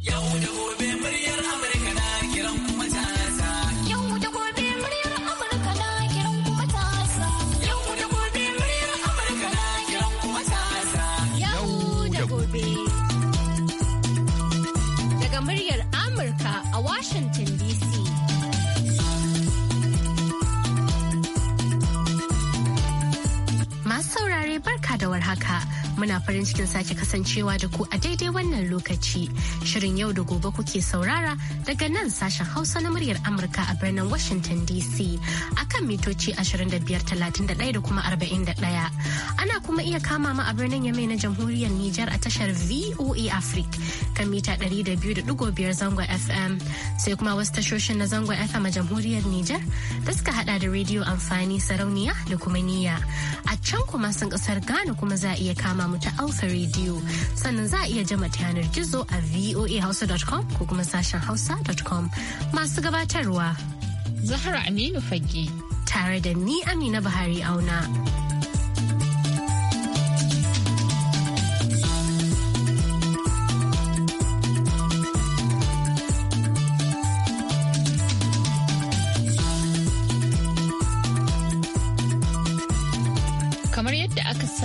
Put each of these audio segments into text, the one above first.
Yau da farin cikin sake kasancewa da ku a daidai wannan lokaci. Shirin yau da gobe kuke saurara daga nan sashen Hausa na muryar Amurka a birnin Washington DC akan mitoci 2531 da kuma 41. kuma iya kama mu a birnin Yamai na Jamhuriyar Nijar a tashar VOA Africa kan mita 200.5 zangon FM. Sai kuma wasu tashoshin na zangon FM a Jamhuriyar Nijar da suka hada da rediyo amfani sarauniya da kuma niyya. A can kuma sun kasar Ghana kuma za a iya kama mu ta Alpha rediyo Sannan za a iya jama ta yanar gizo a voahausa.com ko kuma sashen hausa.com. Masu gabatarwa. Zahra Aminu Fage. Tare da ni Amina Buhari Auna.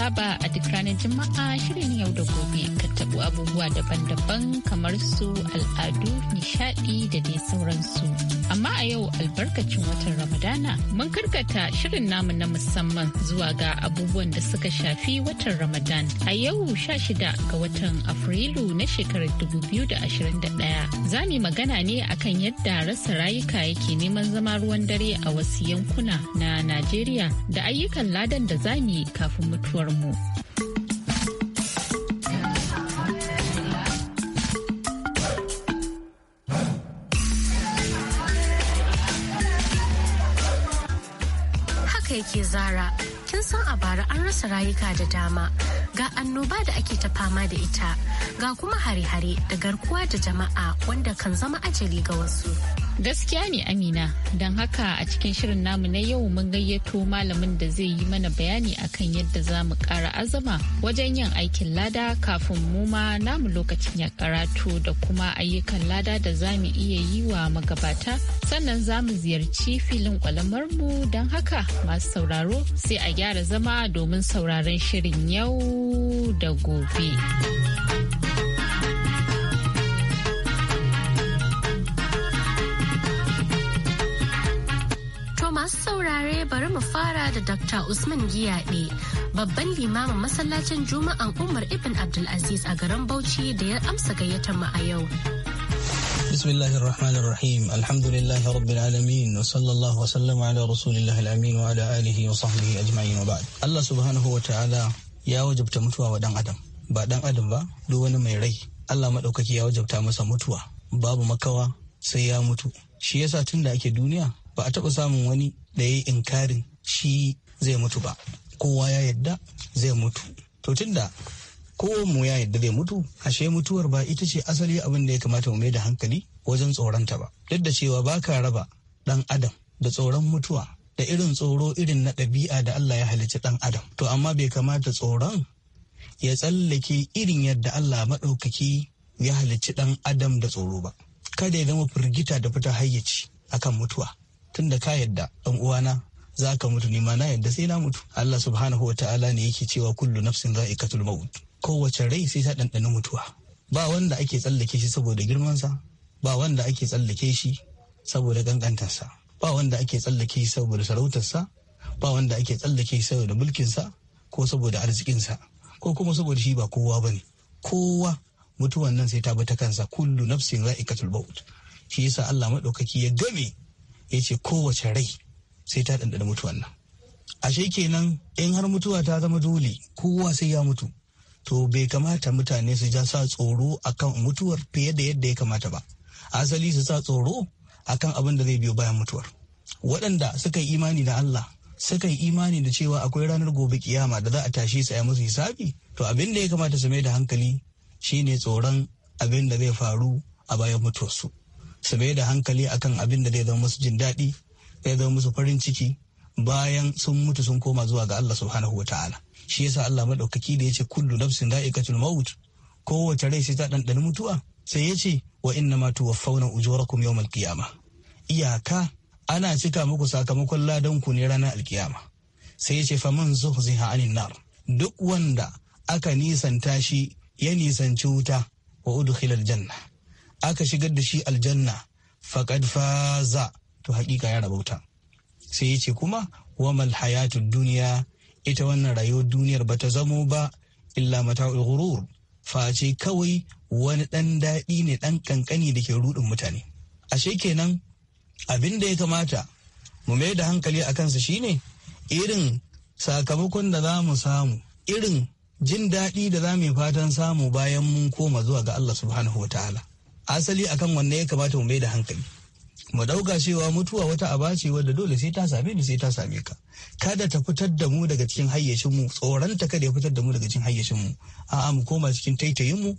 saba a duk ranar Juma'a shirin yau da gobe ka taɓo abubuwa daban-daban kamar su al'adu, nishaɗi da dai sauransu. amma a yau albarkacin watan Ramadana mun karkata shirin namu na musamman zuwa ga abubuwan da suka shafi watan Ramadan a yau 16 ga watan Afrilu na shekarar 2021. Za mu magana ne akan yadda rasa rayuka yake neman zama ruwan dare a wasu yankuna na Najeriya da ayyukan ladan da za mu yi kafin mutuwar mu. zara kin san a bara an rasa rayuka da dama ga annoba da ake ta fama da ita ga kuma hare-hare da garkuwa da jama'a wanda kan zama ajali ga wasu Gaskiya ne Amina, don haka a cikin shirin namu na yau mun gayyato malamin da zai yi mana bayani akan yadda za mu ƙara azama wajen yin aikin lada kafin mu ma namu lokacin ya karatu da kuma ayyukan lada da za mu iya yi wa magabata. Sannan za mu ziyarci filin mu don haka masu sauraro sai a gyara zama domin sauraron shirin yau da gobe. bari mu fara da Dr. Usman Giyaɗe, babban limamin masallacin Juma'an Umar Ibn abdulaziz a garin Bauchi da ya amsa gayyatar mu a yau. Bismillahir Rahmanir Rahim. Alhamdulillahir Rabbil Alamin. Wa sallallahu wa sallama ala Rasulillahi al-Amin wa ala alihi wa sahbihi ajma'in. Allah subhanahu wa ta'ala ya wajabta mutuwa wa dan Adam. Ba ɗan Adam ba, duk wani mai rai. Allah maɗaukaki ya wajabta masa mutuwa. Babu makawa sai ya mutu. Shi yasa tun da ake duniya ba a taɓa samun wani da ya yi inkarin shi zai mutu ba kowa ya yadda zai mutu to tunda mu ya yadda zai mutu ashe mutuwar ba ita ce asali abin da ya kamata mu mai da hankali wajen tsoronta ba duk da cewa ba ka raba dan adam da tsoron mutuwa da irin tsoro irin na ɗabi'a da Allah ya halicci dan adam to amma bai kamata tsoron ya tsallake irin yadda Allah maɗaukaki ya halicci dan adam da tsoro ba kada ya zama firgita da fita hayyaci akan mutuwa tun da ka yadda ɗan uwana za ka mutu ni ma na yadda sai na mutu Allah subhanahu wataala ne yake cewa kullu nafsin za'iqatul maut kowace rai sai ta ɗanɗana mutuwa ba wanda ake tsallake shi saboda girmansa ba wanda ake tsallake shi saboda gangantarsa ba wanda ake tsallake shi saboda sarautarsa ba wanda ake tsallake shi saboda mulkinsa ko saboda arzikinsa ko kuma saboda shi ba kowa ba ne. kowa mutuwan nan sai ta bi ta kansa kullu nafsin za'iqatul baut. shi yasa Allah maɗaukaki ya game ya ce kowace rai sai ta ɗanɗana mutuwan nan ashe kenan in har mutuwa ta zama dole kowa sai ya mutu to bai kamata mutane su ja sa tsoro akan mutuwar fiye da yadda ya kamata ba asali su sa tsoro akan abin da zai biyo bayan mutuwar waɗanda suka yi imani da Allah suka yi imani da cewa akwai ranar gobe kiyama da za a tashi su a musu hisabi to abin da ya kamata su mai da hankali shine tsoron abin da zai faru a bayan mutuwarsu su mai da hankali akan abin da zai zama musu jin daɗi zai zama musu farin ciki bayan sun mutu sun koma zuwa ga Allah subhanahu wataala shi yasa Allah madaukaki da yace kullu nafsin da'iqatul maut kowace rai sai ta ɗanɗani mutuwa sai yace wa inna ma tuwaffawna ujurakum yawmal qiyamah iyaka ana cika muku sakamakon ladan ku ne ranar alkiyama sai yace faman zuhziha anin nar duk wanda aka nisan tashi ya nisanci wuta wa udkhilal janna aka shigar da shi aljanna faƙad faza to haƙiƙa ya rabauta sai ya ce kuma wamal hayatud duniya ita wannan rayuwar duniyar ba ta zamo ba illa mata'ul face kawai wani ɗan daɗi ne ɗan ƙanƙani da ke ruɗin mutane ashe kenan abin da ya kamata mu mai da hankali a kansa shine irin sakamakon da za mu samu irin jin daɗi da za mu fatan samu bayan mun koma zuwa ga Allah subhanahu wa ta'ala asali akan wanne ya kamata mu mai da hankali mu ɗauka cewa mutuwa wata aba ce wadda dole sai ta same ni sai ta same ka kada ta fitar da mu daga cikin hayyacin mu tsoron ta kada ya fitar da mu daga cikin hayyacin mu a'a mu koma cikin taitayin mu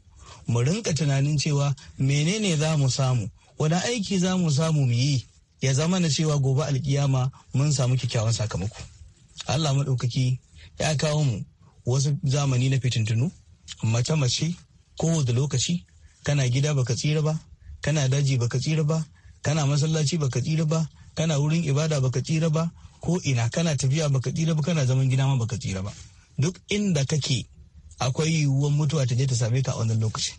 mu rinka tunanin cewa menene za mu samu wani aiki za mu samu mu yi ya zama na cewa gobe alkiyama mun samu kyakkyawan sakamako Allah maɗaukaki ya kawo mu wasu zamani na fitintunu mace-mace kowace lokaci kana gida baka tsira ba kana daji baka tsira ba kana masallaci baka tsira ba kana wurin ibada baka tsira ba ko ina kana tafiya baka tsira ba kana zaman gida ma baka tsira ba duk inda kake akwai yiwuwar mutuwa ta je ta same ka a wannan lokaci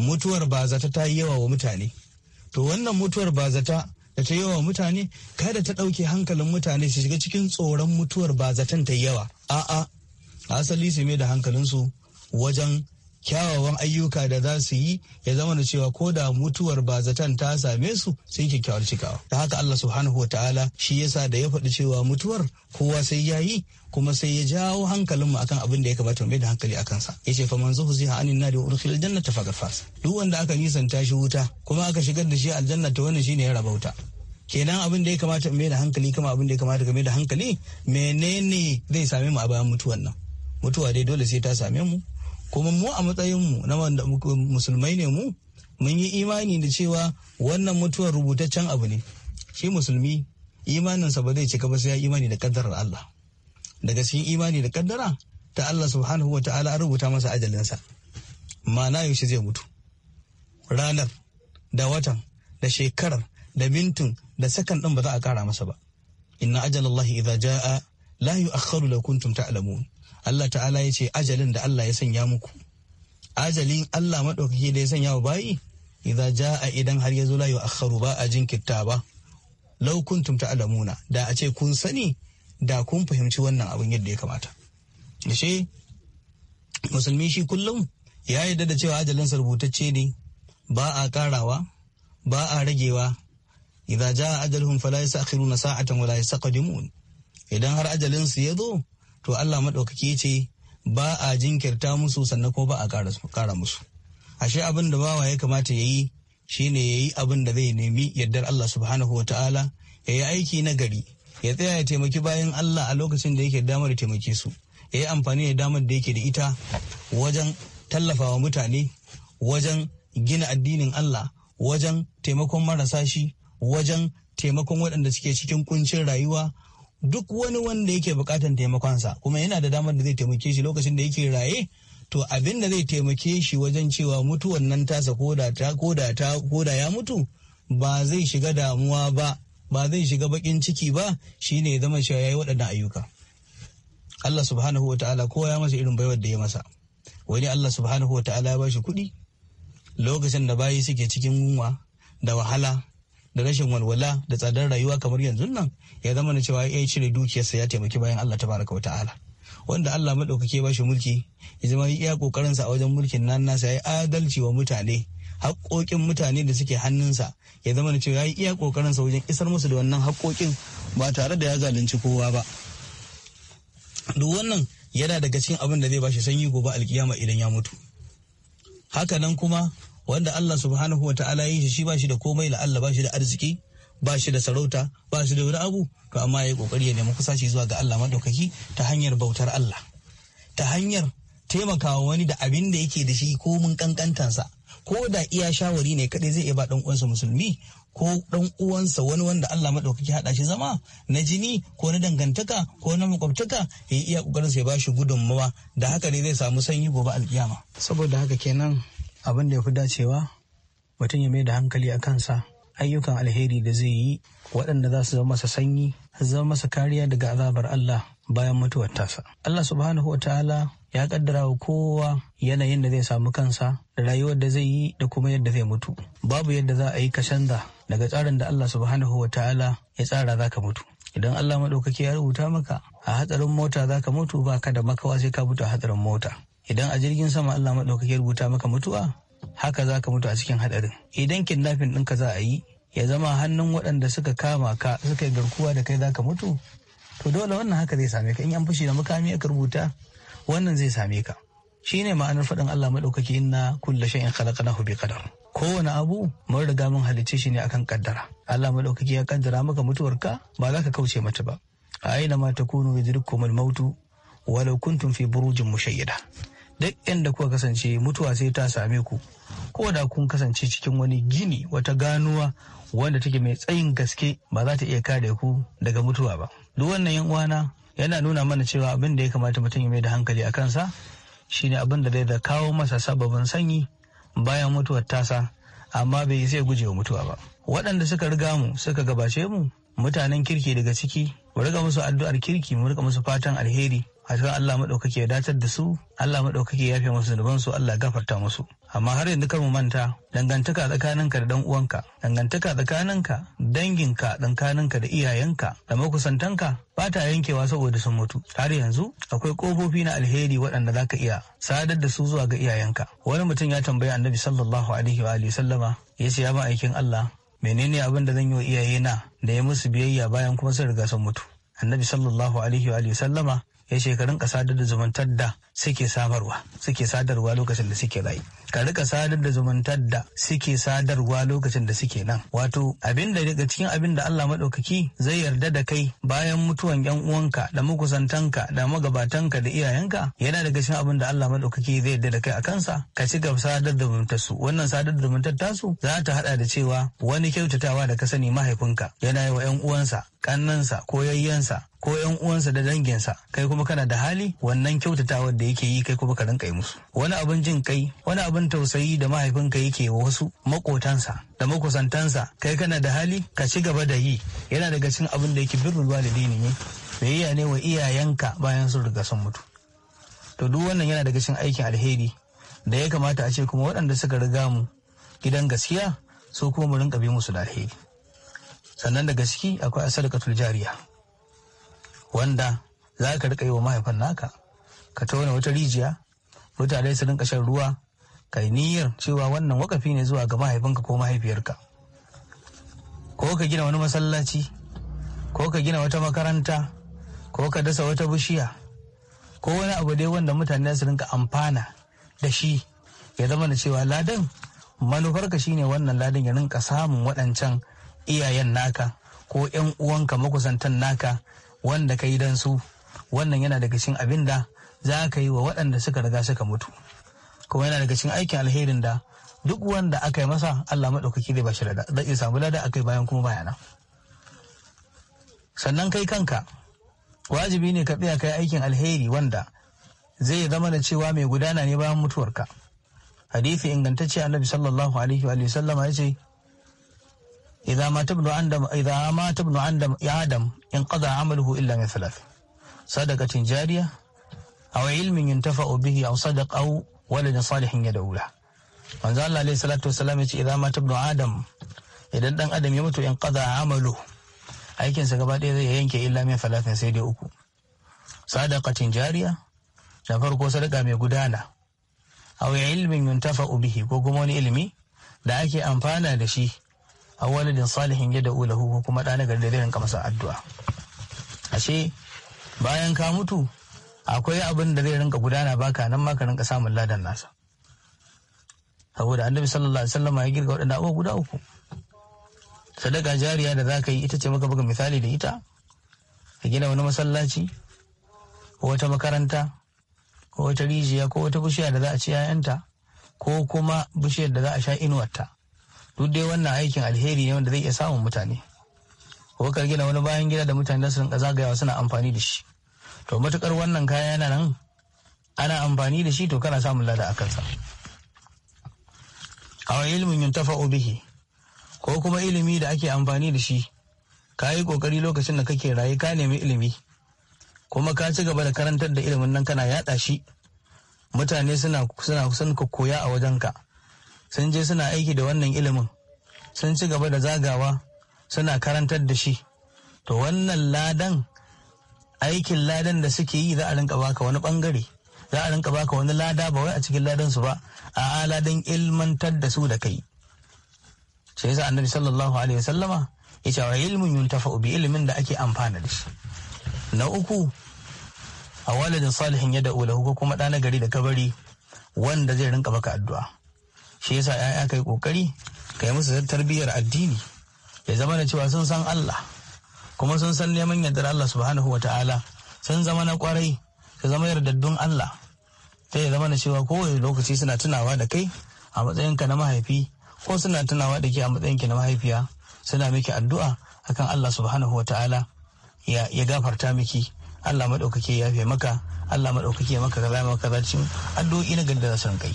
mutuwar ba bazata ta yi yawa wa mutane to wannan mutuwar bazata da ta yawa mutane kada ta ɗauke hankalin mutane su shiga cikin tsoron mutuwar ba bazatan ta yawa a'a asali su mai da hankalinsu wajen kyawawan ayyuka da za su yi ya zama da cewa ko da mutuwar bazatan ta same su sai kyakkyawar cikawa Da haka Allah subhanahu wataala shi yasa da ya faɗi cewa mutuwar kowa sai ya yi kuma sai ya jawo hankalinmu akan abin da ya kamata mu da hankali a kansa ya ce faman zuhu zai anin na da urkhil janna ta fagar fasa duk wanda aka nisanta shi wuta kuma aka shigar da shi aljanna ta wannan shine ya wuta kenan abin da ya kamata mai da hankali kama abin da ya kamata mai da hankali menene zai same mu a bayan mutuwan nan mutuwa dai dole sai ta same mu kuma mu a matsayinmu na wanda musulmai ne mu mun yi imani da cewa wannan mutuwar rubutaccen abu ne shi musulmi imaninsa ba zai cika ba sai ya imani da kaddarar Allah daga cikin imani da kaddara ta Allah subhanahu wa ta'ala an rubuta masa ajalinsa ma'ana yaushe zai mutu ranar da watan da shekarar da mintin da sakan ɗin ba za a kara masa ba inna ajalallahi idza jaa la yu'akhkharu law kuntum ta'lamun Allah ta'ala ya ce ajalin da Allah ya sanya muku ajalin Allah maɗaukaki da ya sanya wa bayi idza jaa idan har ya zo la yu'akhkharu ba a jinkirta ba law kuntum ta'lamuna da a ce kun sani da kun fahimci wannan abin yadda ya kamata ashe musulmi shi kullum ya yarda da cewa ajalinsa rubutacce ne ba a karawa ba a ragewa idza jaa ajaluhum fala yasakhiruna sa'atan wala yastaqdimun idan har su ya zo to Allah maɗaukaki ce ba a jinkirta musu sannan ko ba a ƙara musu ashe abin da bawa ya kamata ya yi shine ya yi abin da zai nemi yardar Allah subhanahu wa ta'ala ya yi aiki na gari ya tsaya ya taimaki bayan Allah a lokacin da yake damar taimake su ya yi amfani da damar da yake da ita wajen tallafawa mutane wajen gina addinin Allah wajen taimakon marasa shi wajen taimakon waɗanda suke cikin kuncin rayuwa duk wani wanda yake bukatan taimakonsa kuma yana da damar da zai taimake shi lokacin da yake raye to abin da zai taimake shi wajen cewa mutuwan nan tasa koda ta koda ta koda ya mutu ba zai shiga damuwa ba ba zai shiga bakin ciki ba shine ya zama cewa yayi waɗannan ayyuka Allah subhanahu ta'ala kowa ya masa irin baiwar da ya masa wani Allah subhanahu ta'ala ya bashi kuɗi lokacin da bayi suke cikin yunwa da wahala da rashin walwala da tsadar rayuwa kamar yanzu nan ya zama na cewa ya cire dukiyarsa ya taimaki bayan Allah tabaraka wa ta'ala wanda Allah madaukake ba shi mulki ya zama ya iya sa a wajen mulkin nan nasa ya yi adalci wa mutane haƙoƙin mutane da suke hannunsa ya zama na cewa ya iya sa wajen isar musu da wannan haƙoƙin ba tare da ya zalunci kowa ba duk wannan yana daga cikin abin da zai shi sanyi gobe alkiyama idan ya mutu haka nan kuma wanda Allah subhanahu wa ta'ala yi shi shi ba shi da komai la Allah ba shi da arziki ba shi da sarauta ba shi da wani abu to amma ya kokari ya nemi kusaci zuwa ga Allah madaukaki ta hanyar bautar Allah ta hanyar taimakawa wani da abin da yake da shi ko mun kankantansa ko da iya shawari ne kadai zai iya ba dan uwansa musulmi ko dan uwansa wani wanda Allah madaukaki hada shi zama na jini ko na dangantaka ko na makwabtaka ya iya kokarin sa ba shi gudunmawa da haka ne zai samu sanyi gobe alkiyama saboda haka kenan abin da ya fi dacewa mutum ya mai da hankali a kansa ayyukan alheri da zai yi waɗanda za su zama masa sanyi zama masa kariya daga azabar Allah bayan mutuwar tasa. Allah subhanahu wa ta'ala ya kaddara wa kowa yanayin da zai samu kansa da rayuwar da zai yi da kuma yadda zai mutu babu yadda za a yi ka canza daga tsarin da Allah subhanahu wa ta'ala ya tsara za ka mutu idan Allah maɗaukaki ya rubuta maka a hatsarin mota za ka mutu ba ka da makawa sai ka mutu a hatsarin mota idan a jirgin sama Allah maɗaukaki rubuta maka mutuwa haka za ka mutu a cikin haɗarin idan kidnapping ɗinka za a yi ya zama hannun waɗanda suka kama ka suka yi garkuwa da kai za ka mutu to dole wannan haka zai same ka in an fushi da makami aka rubuta wannan zai same ka Shi ne ma'anar faɗin Allah maɗaukaki inna kulla shay'in khalaqnahu bi qadar kowane abu mun riga mun halicce shi ne akan kaddara Allah maɗaukaki ya kaddara maka mutuwarka ba za ka kauce mata ba a aina ma ta takunu kuma mautu walau kuntum fi burujin mushayyada duk inda kuka kasance mutuwa sai ta same ku ko da kun kasance cikin wani gini wata ganuwa wanda take mai tsayin gaske ba za ta iya kare ku daga mutuwa ba duk wannan yan uwana yana nuna mana cewa abin da ya kamata mutum ya mai da hankali a kansa shine abin da zai da kawo masa sababin sanyi bayan mutuwar tasa amma bai sai guje wa mutuwa ba waɗanda suka riga mu suka gabace mu mutanen kirki daga ciki mu riga musu addu'ar kirki mu riga musu fatan alheri addu'a Allah maɗaukaki ya dacar da su Allah maɗaukaki ya yafe musu zunuban su Allah gafarta musu amma har yanzu kan mu manta dangantaka tsakaninka da dan uwanka dangantaka tsakaninka danginka tsakaninka da iyayenka da makusantanka ba ta yankewa saboda sun mutu har yanzu akwai kofofi na alheri waɗanda zaka iya sadar da su zuwa ga iyayenka wani mutum ya tambayi annabi sallallahu alaihi wa alihi sallama ya ce ya ba aikin Allah menene abin da zan yi wa iyayena da ya musu biyayya bayan kuma sun riga sun mutu annabi sallallahu alaihi wa sallama ya shekarun ka sadar da zumuntar da suke samarwa suke sadarwa lokacin da suke rai ka rika sadar da zumuntar da suke sadarwa lokacin da suke nan wato abin da daga cikin abin da Allah maɗaukaki zai yarda da kai bayan mutuwan yan uwanka da makusantanka da magabatanka da iyayenka yana daga cikin abin da Allah madaukaki zai yarda da kai a kansa ka ci gaba sadar da zumuntar su wannan sadar da zumuntar tasu za ta hada da cewa wani kyautatawa da ka sani mahaifinka yana yi wa yan uwansa kannansa ko yayyensa ko yan uwansa da danginsa kai kuma kana da hali wannan kyautatawar da yake yi kai kuma ka rinka yi musu wani abin jin kai wani abin tausayi da mahaifinka yake wa wasu makotansa da makusantansa kai kana da hali ka ci gaba da yi yana daga cikin abin da yake birrul walidaini ne biyayya ne wa iyayenka bayan sun riga sun mutu to duk wannan yana daga cikin aikin alheri da ya kamata a ce kuma waɗanda suka riga mu gidan gaskiya su kuma mu rinka bi musu da alheri sannan daga ciki akwai asarkatul jariya wanda za ka rika yi wa mahaifan naka ka tauna wata rijiya mutane su rinka shan ruwa ka yi niyyar cewa wannan wakafi ne zuwa ga mahaifinka ko mahaifiyarka ko ka gina wani masallaci ko ka gina wata makaranta ko ka dasa wata bishiya ko wani abu dai wanda mutane su rinka amfana da shi ya zama da cewa ladan manufarka shine wannan ladan ya rinka samun waɗancan iyayen naka ko 'yan uwanka makusantan naka wanda ka yi don su wannan yana daga cikin abin da za ka yi wa waɗanda suka riga suka mutu kuma yana daga cikin aikin alherin da duk wanda aka yi masa Allah maɗaukaki da da za zai samu lada akai bayan kuma bayana sannan kai kanka wajibi ne ka tsaya kai aikin alheri wanda zai zama da cewa mai gudana ne bayan mutuwarka hadisi ingantacce annabi sallallahu alaihi wa sallama ya ce idza mata ibnu adam idza mata adam ya adam in qada amaluhu illa min thalath sadaqatin jariya aw ilmin yuntafa'u bihi aw sadaq aw waladin salihin yad'u lahu manzo Allah alaihi salatu wasallam yace idza mata ibnu adam idan dan adam ya mutu in qada amalu aikin gaba ɗaya zai yanke illa min falatin sai dai uku sadaqatin jariya da farko sadaka mai gudana aw ilmin yuntafa'u bihi ko kuma wani ilimi da ake amfana da shi a waladin salihin yadda ulahu lahu kuma ɗa nagari da zai rinka masa addu'a ashe bayan ka mutu akwai abin da zai rinka gudana baka nan ma ka rinka samun ladan nasa saboda annabi sallallahu alaihi wasallam ya girga waɗanda abubuwa guda uku sadaka jariya da za ka yi ita ce muka buga misali da ita ka gina wani masallaci ko wata makaranta ko wata rijiya ko wata bishiya da za a ci 'ya'yanta ko kuma bishiyar da za a sha inuwarta duk dai wannan aikin alheri ne wanda zai iya samun mutane wakar gina wani bayan gida da mutane da su rinka zagayawa suna amfani da shi to matukar wannan kaya yana nan ana amfani da shi to kana samun lada a kansa a ilimin yuntafa bihi ko kuma ilimi da ake amfani da shi ka yi kokari lokacin da kake raye ka nemi ilimi kuma ka ci gaba da karantar da ilimin nan kana yada shi mutane suna suna sun ka koya a wajenka sun je suna aiki da wannan ilimin sun ci gaba da zagawa suna karantar da shi to wannan ladan aikin ladan da suke yi za a rinka baka wani bangare za a rinka baka wani lada ba wai a cikin ladan su ba a ladan ilmantar da su da kai sai yasa annabi sallallahu alaihi wasallama ya ce wa ilmin yuntafa bi ilimin da ake amfana da shi na uku a walidin salihin ya da'u lahu ko kuma ɗa nagari da kabari wanda zai rinka baka addu'a shi yasa ya'ya kai kokari kai musu tarbiyyar addini ya zama na cewa sun san Allah kuma sun san neman yardar Allah subhanahu wa ta'ala sun zama na kwarai ka zama yardaddun Allah sai ya zama da cewa kowane lokaci suna tunawa da kai a ka na mahaifi ko suna tunawa da ke a matsayin ki na mahaifiya suna miki addu'a akan Allah subhanahu wa ta'ala ya gafarta miki Allah maɗaukaki ya yafe maka Allah maɗaukaki ya maka kaza maka kaza addu'o'i na gandara san kai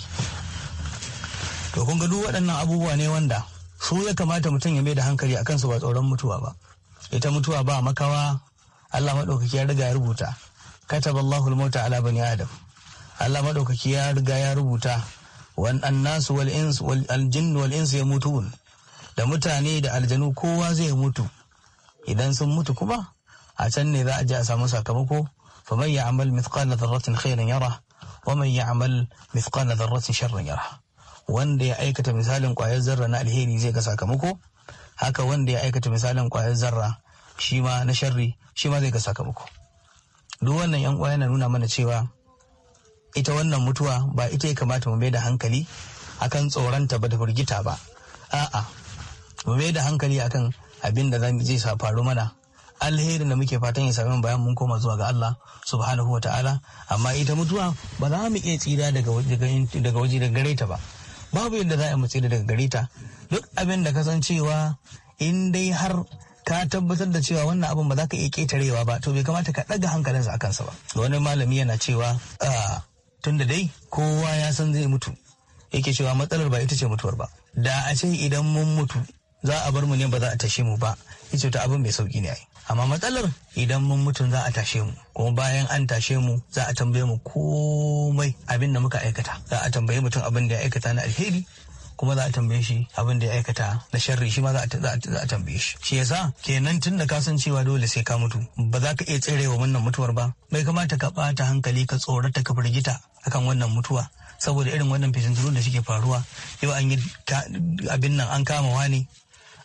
to kun ga duk waɗannan abubuwa ne wanda su ya kamata mutum ya mai da hankali akan su ba tsoron mutuwa ba ita mutuwa ba makawa Allah maɗaukaki ya riga ya rubuta kataba Allahul mauta ala bani adam Allah maɗaukaki ya riga ya rubuta wan annasu wal ins wal aljin wal ins yamutun da mutane da aljanu kowa zai mutu idan sun mutu kuma a can ne za a je a samu sakamako faman ya'mal mithqala dharratin khairan yara wa man ya'mal mithqala dharratin sharrin yara wanda ya aikata misalin kwayar zarra na alheri zai ga sakamako haka wanda ya aikata misalin kwayar zarra shi ma na sharri shi ma zai ga sakamako duk wannan yan uwa yana nuna mana cewa ita wannan mutuwa ba ita ya kamata mu mai da hankali akan tsoronta ba da firgita ba a'a mu da hankali akan abin da zai faru mana alheri da muke fatan ya sami bayan mun koma zuwa ga Allah subhanahu wa ta'ala amma ita mutuwa ba za mu iya tsira daga waje daga gare ta ba babu yadda za a mace da daga gare ta duk abin da cewa in dai har ka tabbatar da cewa wannan abin ba za ka iya ketarewa ba to bai kamata ka ɗaga hankalinsa a kansa ba wani malami yana cewa tun da dai kowa ya san zai mutu yake cewa matsalar ba ita ce mutuwar ba da a ce idan mun mutu za a bar mu ne ba za a tashe mu ba yace ta abin mai sauki ne ai amma matsalar idan mun mutu za a tashe mu kuma bayan an tashe mu za a tambaye mu komai abin da muka aikata za a tambaye mutum abin da ya aikata na alheri kuma za a tambaye shi abin da ya aikata na sharri shi ma za a tambaye shi shi yasa kenan tun da ka san cewa dole sai ka mutu ba za ka iya tserewa wannan mutuwar ba bai kamata ka bata hankali ka tsorata ka firgita akan wannan mutuwa saboda irin wannan fitintunu da suke faruwa yau an yi abin nan an kama wani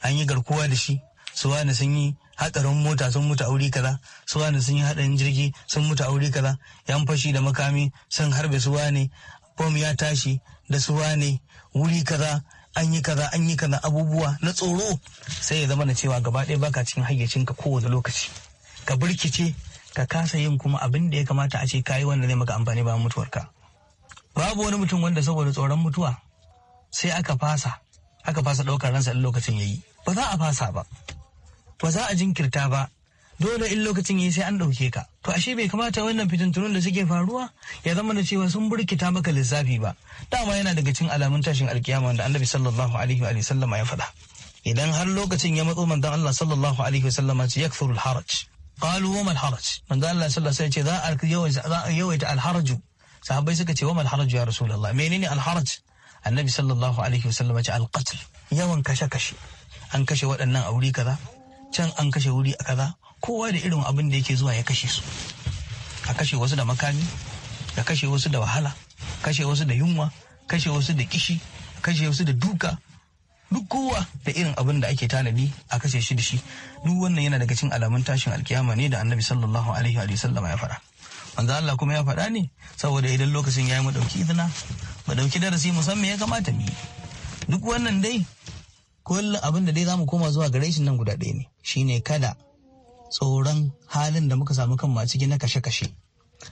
an yi garkuwa da shi su wani sun yi hatsarin mota sun mutu aure kaza su wani sun yi hadarin jirgi sun mutu aure kaza yan fashi da makami sun harbe su wani bom ya tashi da su wani wuri kaza an yi kaza an yi kaza abubuwa na tsoro sai ya zama na cewa gaba ɗaya baka cikin hayyacinka kowane lokaci ka birkice ka kasa yin kuma abin da ya kamata a ce kayi wanda zai maka amfani ba mutuwarka babu wani mutum wanda saboda tsoron mutuwa sai aka fasa aka fasa ɗaukar ransa a lokacin ya yi ba za a fasa ba ba za a jinkirta ba dole in lokacin yi sai an ɗauke ka to ashe bai kamata wannan fitinturun da suke faruwa ya zama da cewa sun burkita maka lissafi ba dama yana daga cikin alamun tashin alkiyama wanda annabi sallallahu alaihi wa sallama ya faɗa idan har lokacin ya matso manzon Allah sallallahu alaihi wa sallama ya kafuru haraj qalu wa mal haraj manzon Allah sallallahu alaihi wa ya ce za a yawaita al haraju sahabbai suka ce wa mal haraju ya rasulullah menene al haraj annabi sallallahu alaihi wa sallama ce al qatl yawan kashe kashe an kashe waɗannan aure kaza can an kashe wuri a kaza kowa da irin abin da yake zuwa ya kashe su a kashe wasu da makami da kashe wasu da wahala kashe wasu da yunwa kashe wasu da kishi kashe wasu da duka duk kowa da irin abin da ake tanadi a kashe shi da shi duk wannan yana daga cikin alamun tashin alkiyama ne da annabi sallallahu alaihi wa sallam ya faɗa manzo Allah kuma ya faɗa ne saboda idan lokacin ya yi mu dauki izina mu dauki darasi musamman ya kamata mu duk wannan dai kullum abin da dai zamu koma zuwa gare shi nan guda ɗaya ne shine kada tsoron halin da muka samu kan a ciki na kashe-kashe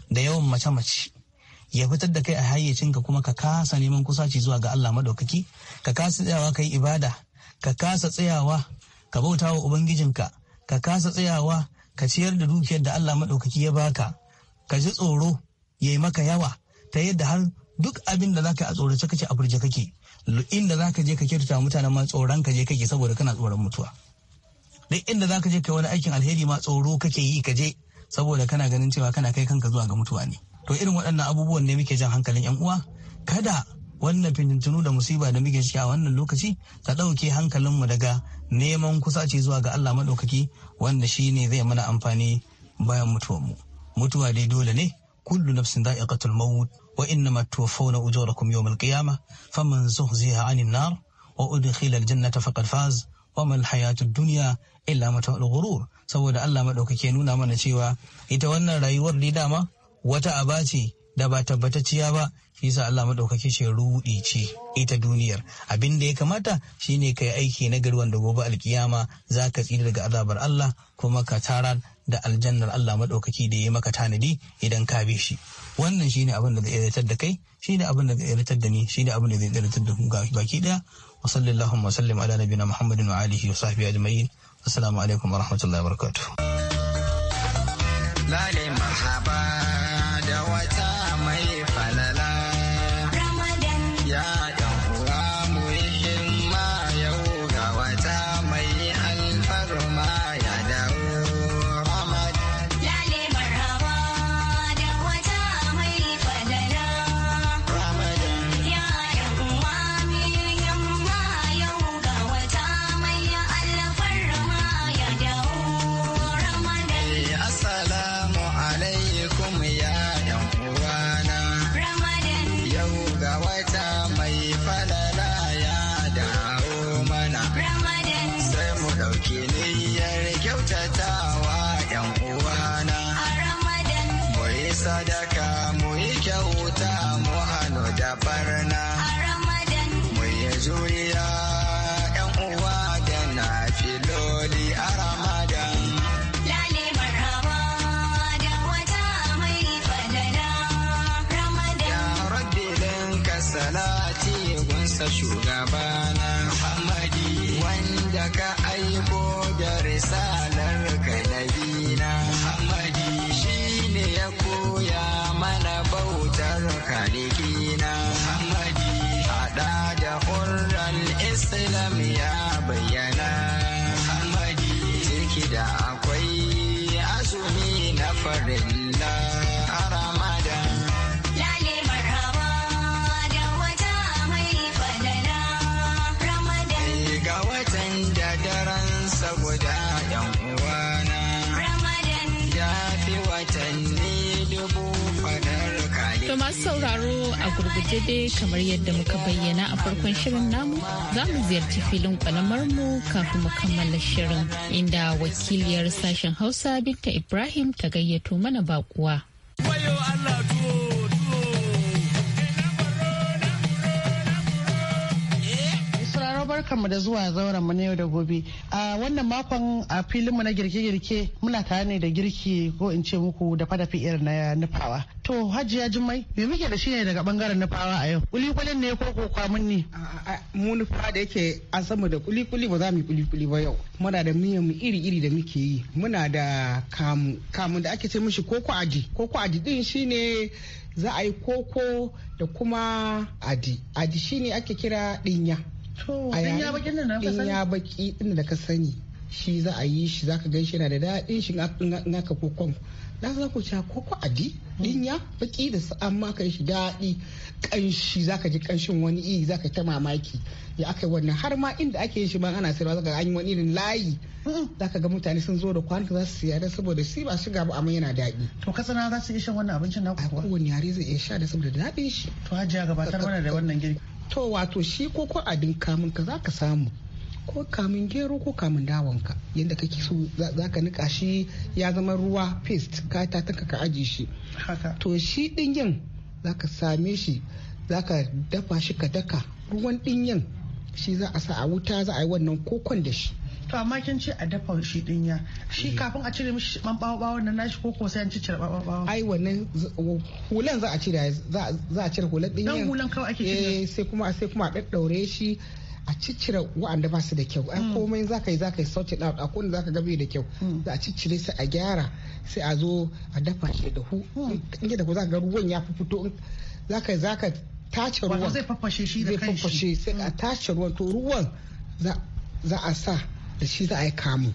da yawan mace-mace ya fitar da kai a hayyacinka kuma ka kasa neman kusaci zuwa ga Allah madaukaki ka kasa tsayawa ka yi ibada ka kasa tsayawa ka bauta wa ubangijinka ka kasa tsayawa ka ciyar da dukiyar da Allah madaukaki ya baka ka ji tsoro ya yi maka yawa ta yadda har duk abin da zaka a tsorace kake a burje kake inda za ka je ka kirta mutanen ma tsoron ka je kake saboda kana tsoron mutuwa duk inda za ka je ka wani aikin alheri ma tsoro kake yi ka je saboda kana ganin cewa kana kai kanka zuwa ga mutuwa ne to irin waɗannan abubuwan ne muke jan hankalin yan uwa kada wannan fitintunu da musiba da muke ciki a wannan lokaci ta ɗauke hankalinmu daga neman kusaci zuwa ga Allah maɗaukaki wanda shi ne zai mana amfani bayan mu. mutuwa dai dole ne kullu nafsin da'iqatul maut وإنما توفون أجوركم يوم القيامة فمن زهزها عن النار وأدخل الجنة فقد فاز وما الحياة الدنيا إلا متاع الغرور saboda Allah maɗaukake nuna mana cewa ita wannan rayuwar da dama wata abaci da ba tabbatacciya ba shi yasa Allah maɗaukake ce ruɗi ce ita duniyar abin da ya kamata shine kai aiki na gari wanda gobe alkiyama za ka tsira daga azabar Allah kuma ka tara da aljannar Allah maɗaukaki da ya maka tanadi idan ka bi shi wannan shine abin da zai iritar da kai shine abin da zai iritar da ni shine abin da zai iritar da ku baki daya wa sallallahu wa sallim ala nabiyina muhammadin wa alihi wa sahbihi ajma'in assalamu alaikum wa rahmatullahi wa barakatuh da wata silam ya bayyana Muhammadi ciki da akwai azumi na farin sauraro a gurguje dai kamar yadda muka bayyana a farkon shirin namu za mu ziyarci filin kwalamar mu kafin mu kammala shirin inda wakiliyar sashen hausa binta ibrahim ta gayyato mana bakuwa. barkanmu da zuwa zauren mu na yau da gobe. A wannan makon a filin mu na girke-girke muna tare ne da girki ko in ce muku da fadafi irin na nufawa. To Hajiya Jummai me muke da shi ne daga bangaren nufawa a yau? Kulikulin ne ko kokwa mun ne? Mu nufa da yake an samu da kulikuli ba za mu yi kulikuli ba yau. Muna da miyan mu iri-iri da muke yi. Muna da kamu kamu da ake ce mishi koko aji. Koko aji din ne za a yi koko da kuma adi adi shi ne ake kira dinya a yayin in ya baki inda da ka sani shi za a yi shi za ka gan shi na da daɗin shi in aka kwan na za ku ca koko adi dinya baki da sa'an ma kai shi daɗi kanshi za ka ji kanshin wani iri za ka ta mamaki ya aka yi wannan har ma inda ake yin shi ma ana sayarwa za ka an yi wani irin layi za ka ga mutane sun zo da kwanuka za su siya da saboda si ba shiga ba amma yana daɗi. to kasana za su iya shan wannan abincin na kuwa. a kowane yare zai iya sha da saboda daɗin shi. to hajiya gabatar mana da wannan girki. to wato shi ko ko abin kamun ka zaka samu ko kamun gero ko kamun dawanka yadda kake so za ka nika shi ya zama ruwa paste ka ta ka aji shi to shi dinyan za ka same shi za ka dafa shi ka daka ruwan ɗin'yan shi za a sa a wuta za a yi wannan kokon da shi to amma kin ce a dafa shi dinya shi mhm. kafin a cire mishi man bawo bawon nan nashi ko ko sai an cire bawo bawon ai wannan hulan za a cire za a cire hulan dinya dan hulan kawai ake cire eh, sai kuma sai kuma a daddaure shi a ciccire wa'anda ba su da kyau ai hmm. komai za ka yi za ka yi sauti out a kowane za ka gabe da kyau hmm. za a ciccire sai a gyara sai a zo a dafa shi da hu hmm. in da ku za ka ga ruwan ya fito za ka za ka tace ruwan zai fafashe shi da kanshi zai fafashe sai a tace ruwan to ruwan za a sa da shi za a yi kamun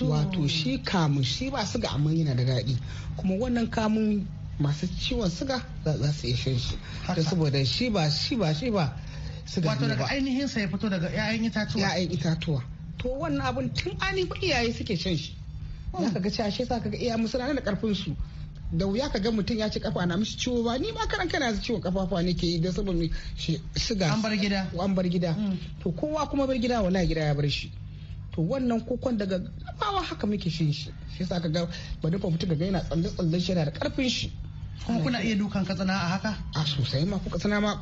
wato shi kamun shi ba suga amma yana da daɗi kuma wannan kamun masu ciwon suga za su iya shan shi da saboda shi ba shi ba shi ba suga wato daga ainihin sa ya fito daga 'ya'yan itatuwa 'ya'yan itatuwa to wannan abun tun ani iyaye suke shan oh. shi za ka ga cashe za ka ga iyaye suna da karfin su da wuya ka ga mutum ya ci kafa na mishi ciwo ba ni ma karan kana ciwon kafafa ke yi da saboda shi shiga an bar gida an bar gida mm. to kowa kuma bar gida wallahi gida ya bar shi to wannan kukon daga bawa haka muke shi shi shi sa ka ga ba mutu mutum ga yana tsalle tsalle shi yana da karfin shi kuma kuna iya dukan katsina a haka a sosai ma ku katsina ma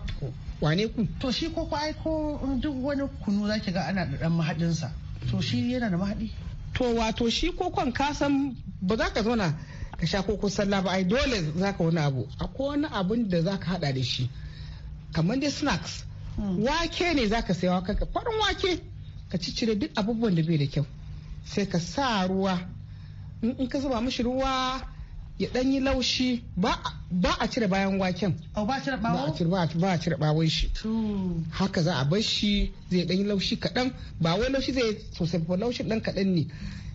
wane ku to shi ko ai ko duk wani kunu zaki ga ana da dan mahadin sa to shi yana da mahadi to wato shi kokon ka san ba za ka zauna ka sha ko sallah ba ai dole za ka wani abu akwai wani abun da za ka hada da shi kamar dai snacks hmm. wake ne za ka sayawa kanka farin wake ka ciccire duk abubuwan da bai da kyau sai ka sa ruwa in ka zuba mishi ruwa ya dan yi laushi ba a cire bayan waken oh, ba a cire bawon shi haka za a bar shi zai dan yi laushi kaɗan ba wai laushi zai sosai ba laushin dan kaɗan ne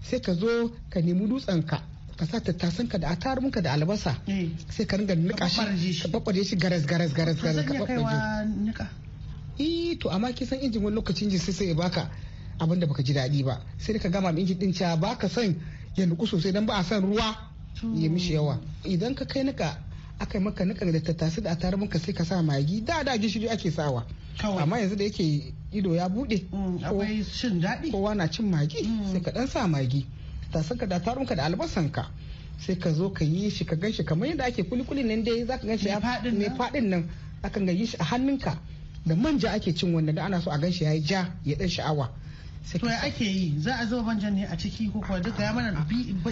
sai ka zo ka nemi dutsen ka ka sa tattasan ka da atarumin ka da albasa eh. sai ka ringa nika shi ka bakwaje shi garas garas garas garas ka bakwaje eh to amma ke san injin wani lokacin injin sai sai ya baka abin da baka ji daɗi ba sai ka gama injin din cewa baka son ya nuku sosai dan ba a son ruwa ya mishi yawa idan ka kai nika aka maka nika da tattasai da tare ka sai ka sa magi da da gishiri ake sawa amma yanzu da yake ido ya bude mm, akwai cin kowa na cin magi mm. sai ka dan sa magi tasanka da tarunka da albasanka sai ka zo ka yi shi ka ganshi kamar yadda ake kulikuli nan dai za ka ganshi ya faɗin nan akan ga yi shi a hannunka da manja ake cin wanda da ana so a ganshi yayi ja ya dan sha'awa to ya ake yi za a zuba manjan ne a ciki ko kuwa duka ya mana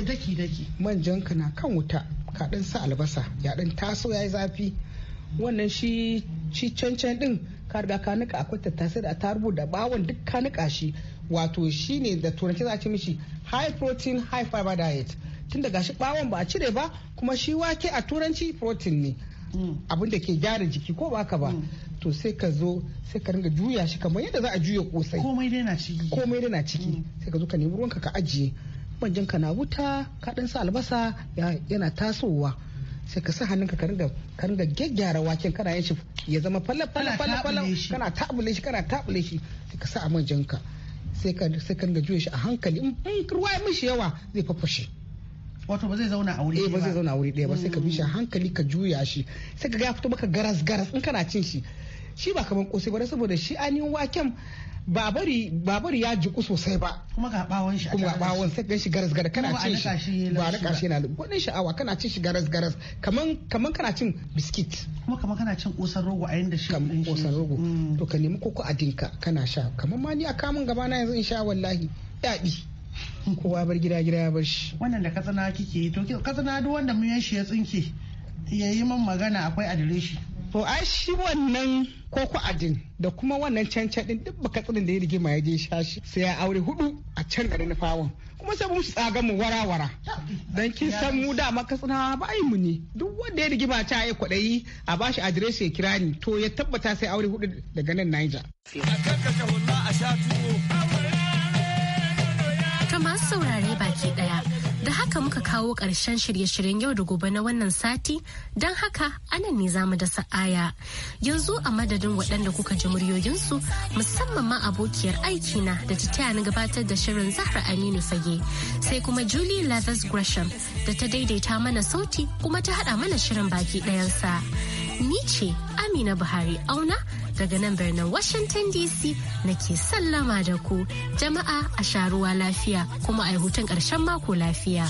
daki daki manjan ka na kan wuta ka dan sa albasa ya dan taso yayi zafi wannan shi shi cancan din ka riga ka nika akwai tattasai da tarubu da bawon duk ka nika shi wato shi ne da turanci za a ci mishi high protein high fiber diet tun daga shi bawon ba a cire ba kuma shi wake a turanci protein ne mm. abin da ke gyara jiki ko baka ba to sai ka zo sai ka ringa juya shi kamar yadda za a juya kosai komai dai na ciki komai dai na ciki mm. sai ka zo ka nemi ruwanka ka ajiye manjan ka na wuta ka dan sa albasa yana tasowa sai ka sa hannunka ka ringa ka ringa gyaggyara waken kana yin shi ya zama falla falla falla falla kana tabule shi kana tabule shi sai ka sa a manjan ka sai ka sai ka ringa juya shi a hankali in ruwa ya mishi yawa zai fafashe wato ba zai zauna a wuri eh, ba zai zauna a wuri ɗaya ba sai ka bi shi a mm. hankali ka juya shi sai ka ga ya fito maka garas garas in kana cin shi shi ba kamar kosai ba saboda shi ainihin waken babari babari ya jiku sosai ba kuma ga bawon shi kuma bawon sai gan shi garas garas kana cin shi ba na kashi na gwanin sha'awa kana cin shi garas garas kaman kaman kana cin biskit kuma kaman kana cin kosan rogo a yanda shi kaman kosan rogo mm. to ka nemi koko a dinka kana sha kaman ma ni a kamun gaba na yanzu in sha wallahi yaɗi kowa bar gida gida ya bar shi wannan da katsina kike to katsina duk wanda mun shi ya tsinke yayi min magana akwai adireshi to ai shi wannan koko adin da kuma wannan cancan din duk baka tsirin da ya rigima ya je shashi sai ya aure hudu a can na fawon kuma sai musu tsaga mu warawara dan kin san mu da maka tsina ba mu ne duk wanda ya rigima ta yi kwadayi a bashi address ya kira ni to ya tabbata sai aure hudu daga nan Niger to masu saurare baki daya haka muka kawo ƙarshen shirye-shiryen yau da gobe na wannan sati don haka anan ne zamu da sa'aya. Yanzu a madadin waɗanda kuka ji muryoyinsu musamman ma abokiyar aikina da ta taya ni gabatar da shirin Zahra Aminu Fage sai kuma Julie Lathers Gresham da ta daidaita mana sauti kuma ta haɗa mana shirin baki ɗayansa. Ni ce Amina Buhari auna daga nan birnin Washington DC nake sallama da ku jama'a a sharuwa lafiya kuma a hutun ƙarshen mako lafiya.